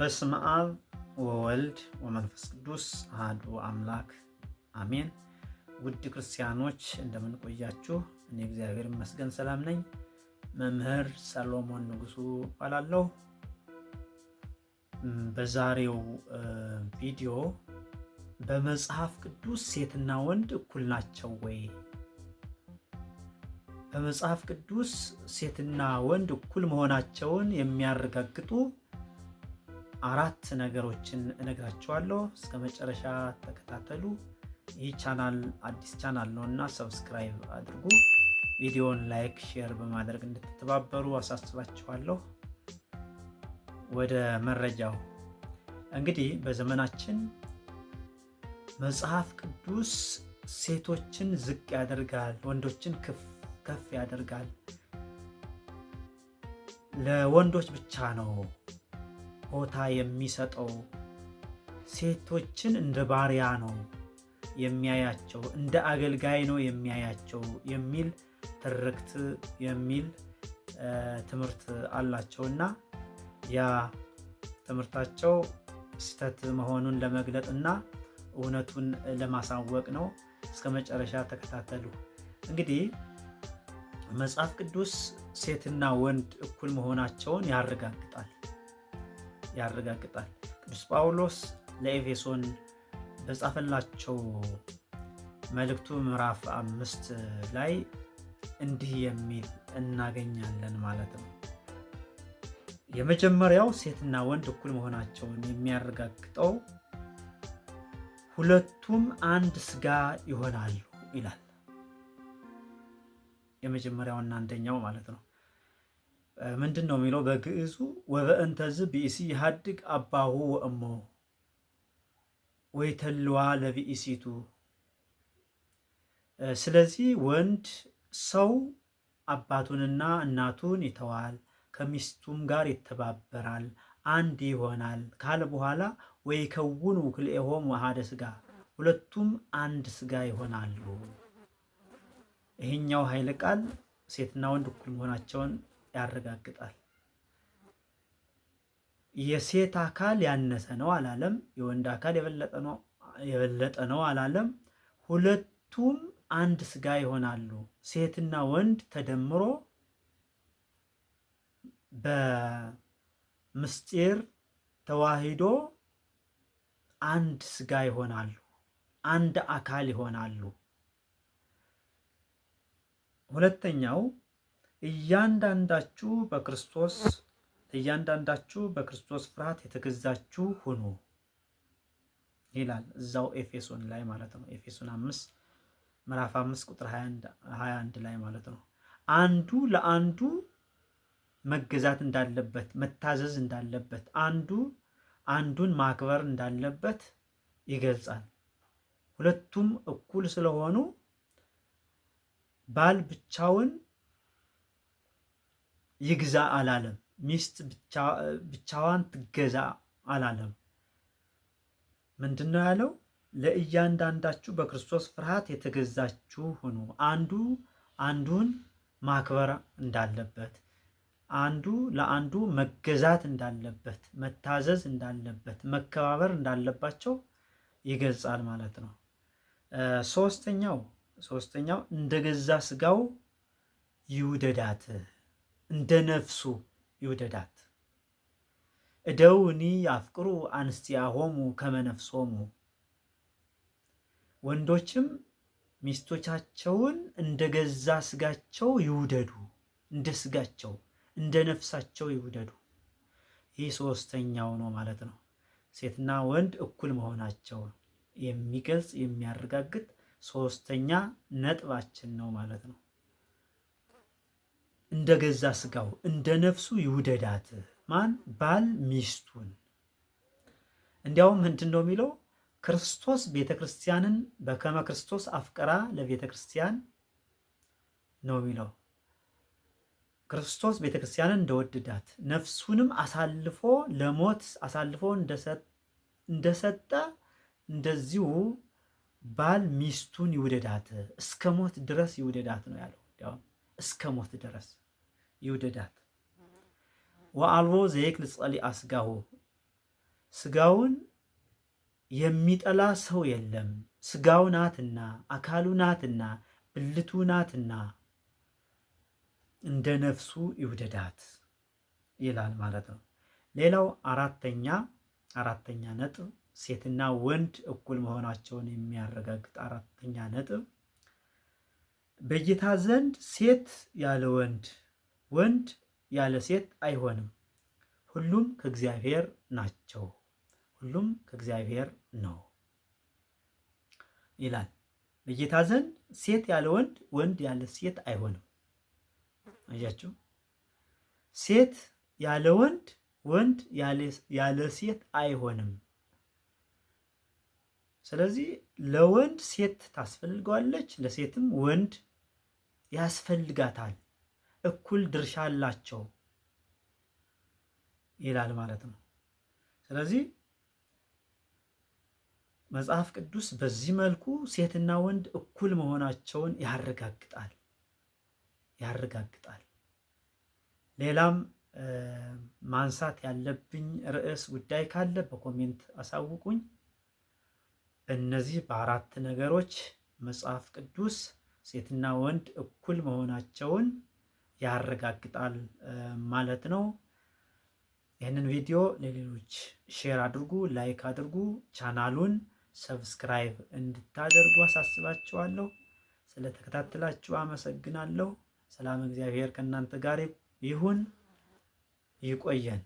በስመ አብ ወወልድ ወመንፈስ ቅዱስ አሐዱ አምላክ አሜን። ውድ ክርስቲያኖች እንደምንቆያችሁ እኔ እግዚአብሔር ይመስገን ሰላም ነኝ። መምህር ሰሎሞን ንጉሱ እባላለሁ። በዛሬው ቪዲዮ በመጽሐፍ ቅዱስ ሴትና ወንድ እኩል ናቸው ወይ? በመጽሐፍ ቅዱስ ሴትና ወንድ እኩል መሆናቸውን የሚያረጋግጡ አራት ነገሮችን እነግራችኋለሁ። እስከ መጨረሻ ተከታተሉ። ይህ ቻናል አዲስ ቻናል ነው እና ሰብስክራይብ አድርጉ። ቪዲዮን ላይክ፣ ሼር በማድረግ እንድትተባበሩ አሳስባችኋለሁ። ወደ መረጃው እንግዲህ በዘመናችን መጽሐፍ ቅዱስ ሴቶችን ዝቅ ያደርጋል፣ ወንዶችን ከፍ ያደርጋል። ለወንዶች ብቻ ነው ቦታ የሚሰጠው ሴቶችን እንደ ባሪያ ነው የሚያያቸው፣ እንደ አገልጋይ ነው የሚያያቸው የሚል ትርክት የሚል ትምህርት አላቸው እና ያ ትምህርታቸው ስህተት መሆኑን ለመግለጥ እና እውነቱን ለማሳወቅ ነው። እስከ መጨረሻ ተከታተሉ። እንግዲህ መጽሐፍ ቅዱስ ሴትና ወንድ እኩል መሆናቸውን ያረጋግጣል። ያረጋግጣል። ቅዱስ ጳውሎስ ለኤፌሶን በጻፈላቸው መልእክቱ ምዕራፍ አምስት ላይ እንዲህ የሚል እናገኛለን ማለት ነው። የመጀመሪያው ሴትና ወንድ እኩል መሆናቸውን የሚያረጋግጠው ሁለቱም አንድ ስጋ ይሆናሉ ይላል። የመጀመሪያውና አንደኛው ማለት ነው። ምንድን ነው የሚለው በግዕዙ ወበእንተዝ ብእሲ ይሃድግ አባሁ ወእሞ ወይተልዋ ለብእሲቱ ስለዚህ ወንድ ሰው አባቱንና እናቱን ይተዋል ከሚስቱም ጋር ይተባበራል አንድ ይሆናል ካለ በኋላ ወይከውኑ ክልኤሆም አሐደ ስጋ፣ ሁለቱም አንድ ስጋ ይሆናሉ ይሄኛው ኃይለ ቃል ሴትና ወንድ እኩል መሆናቸውን ያረጋግጣል። የሴት አካል ያነሰ ነው አላለም። የወንድ አካል የበለጠ ነው አላለም። ሁለቱም አንድ ስጋ ይሆናሉ። ሴትና ወንድ ተደምሮ በምስጢር ተዋሂዶ አንድ ስጋ ይሆናሉ፣ አንድ አካል ይሆናሉ። ሁለተኛው እያንዳንዳችሁ በክርስቶስ እያንዳንዳችሁ በክርስቶስ ፍርሃት የተገዛችሁ ሁኑ ይላል እዛው ኤፌሶን ላይ ማለት ነው። ኤፌሶን አምስት ምዕራፍ አምስት ቁጥር ሀያ አንድ ላይ ማለት ነው። አንዱ ለአንዱ መገዛት እንዳለበት መታዘዝ እንዳለበት አንዱ አንዱን ማክበር እንዳለበት ይገልጻል። ሁለቱም እኩል ስለሆኑ ባል ብቻውን ይግዛ አላለም። ሚስት ብቻዋን ትገዛ አላለም። ምንድን ነው ያለው? ለእያንዳንዳችሁ በክርስቶስ ፍርሃት የተገዛችሁ ሁኑ። አንዱ አንዱን ማክበር እንዳለበት፣ አንዱ ለአንዱ መገዛት እንዳለበት፣ መታዘዝ እንዳለበት፣ መከባበር እንዳለባቸው ይገልጻል ማለት ነው። ሶስተኛው ሶስተኛው እንደገዛ ስጋው ይውደዳት እንደ ነፍሱ ይውደዳት። እደውኒ አፍቅሩ አንስቲያሆሙ ከመነፍሶሙ ወንዶችም ሚስቶቻቸውን እንደ ገዛ ስጋቸው ይውደዱ፣ እንደ ስጋቸው እንደ ነፍሳቸው ይውደዱ። ይህ ሶስተኛው ነው ማለት ነው። ሴትና ወንድ እኩል መሆናቸው የሚገልጽ የሚያረጋግጥ ሶስተኛ ነጥባችን ነው ማለት ነው። እንደ ገዛ ስጋው እንደ ነፍሱ ይውደዳት። ማን ባል ሚስቱን። እንዲያውም ምንድን ነው የሚለው ክርስቶስ ቤተ ክርስቲያንን በከመ ክርስቶስ አፍቀራ ለቤተ ክርስቲያን ነው የሚለው። ክርስቶስ ቤተ ክርስቲያንን እንደወደዳት ነፍሱንም አሳልፎ ለሞት አሳልፎ እንደሰጠ እንደዚሁ ባል ሚስቱን ይውደዳት፣ እስከ ሞት ድረስ ይውደዳት ነው ያለው። እስከ ሞት ድረስ ይውደዳት። ወአልቦ ዘይክ ልጸሊ አስጋሁ ስጋውን የሚጠላ ሰው የለም። ስጋው ናትና አካሉ ናትና ብልቱ ናትና እንደ ነፍሱ ይውደዳት ይላል ማለት ነው። ሌላው አራተኛ አራተኛ ነጥብ ሴትና ወንድ እኩል መሆናቸውን የሚያረጋግጥ አራተኛ ነጥብ በጌታ ዘንድ ሴት ያለ ወንድ ወንድ ያለ ሴት አይሆንም። ሁሉም ከእግዚአብሔር ናቸው። ሁሉም ከእግዚአብሔር ነው ይላል። በጌታ ዘንድ ሴት ያለ ወንድ፣ ወንድ ያለ ሴት አይሆንም። አያችሁ፣ ሴት ያለ ወንድ፣ ወንድ ያለ ሴት አይሆንም። ስለዚህ ለወንድ ሴት ታስፈልገዋለች፣ ለሴትም ወንድ ያስፈልጋታል። እኩል ድርሻ አላቸው ይላል ማለት ነው። ስለዚህ መጽሐፍ ቅዱስ በዚህ መልኩ ሴትና ወንድ እኩል መሆናቸውን ያረጋግጣል ያረጋግጣል። ሌላም ማንሳት ያለብኝ ርዕስ ጉዳይ ካለ በኮሜንት አሳውቁኝ። በእነዚህ በአራት ነገሮች መጽሐፍ ቅዱስ ሴትና ወንድ እኩል መሆናቸውን ያረጋግጣል ማለት ነው። ይህንን ቪዲዮ ለሌሎች ሼር አድርጉ፣ ላይክ አድርጉ፣ ቻናሉን ሰብስክራይብ እንድታደርጉ አሳስባችኋለሁ። ስለተከታተላችሁ አመሰግናለሁ። ሰላም እግዚአብሔር ከእናንተ ጋር ይሁን። ይቆየን።